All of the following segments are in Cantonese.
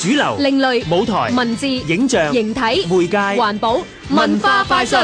主流、另類舞台、文字、影像、形體、媒介、環保、文化快訊。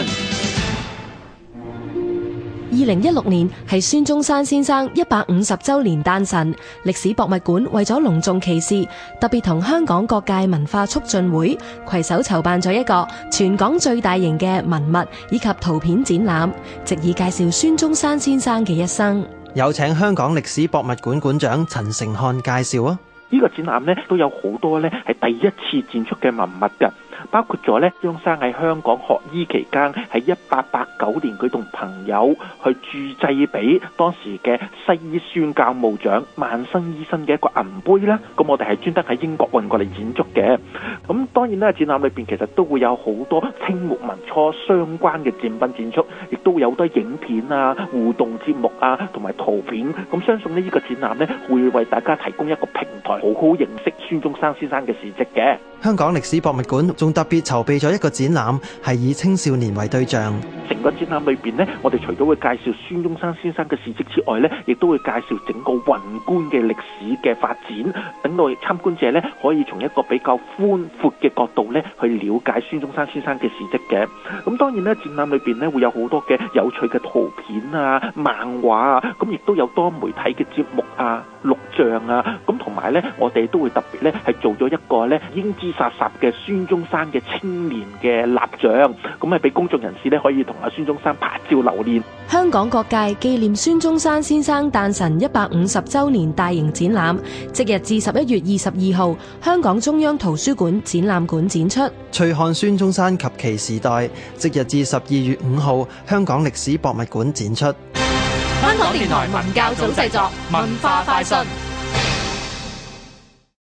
二零一六年係孫中山先生一百五十周年誕辰，歷史博物館為咗隆重其事，特別同香港各界文化促進會攜手籌辦咗一個全港最大型嘅文物以及圖片展覽，旨在介紹孫中山先生嘅一生。有請香港歷史博物館館長陳成漢介紹啊！呢個展覽咧都有好多咧係第一次展出嘅文物㗎。包括咗咧，張生喺香港學醫期間，喺一八八九年佢同朋友去鑄製俾當時嘅西醫宣教務長萬生醫生嘅一個銀杯咧，咁我哋係專登喺英國運過嚟展出嘅。咁當然咧，展覽裏邊其實都會有好多清末民初相關嘅展品展出，亦都有好多影片啊、互動節目啊，同埋圖片。咁相信呢，呢個展覽咧會為大家提供一個平台，好好認識孫中山先生嘅事跡嘅。香港歷史博物館仲。特別籌備咗一個展覽，係以青少年為對象。整個展覽裏邊呢，我哋除咗會介紹孫中山先生嘅事迹之外呢，亦都會介紹整個宏觀嘅歷史嘅發展，令到參觀者呢，可以從一個比較寬闊嘅角度呢去了解孫中山先生嘅事迹嘅。咁當然呢，展覽裏邊呢會有好多嘅有趣嘅圖片啊、漫畫啊，咁亦都有多媒體嘅節目啊、錄像啊。同埋咧，我哋都會特別咧，係做咗一個咧英姿颯颯嘅孫中山嘅青年嘅蠟像，咁係俾公眾人士呢，可以同阿孫中山拍照留念。香港各界紀念孫中山先生誕辰一百五十周年大型展覽，即日至十一月二十二號，香港中央圖書館展覽館展出《翠亨孫中山及其時代》，即日至十二月五號，香港歷史博物館展出。香港電台文教組製作文化快訊。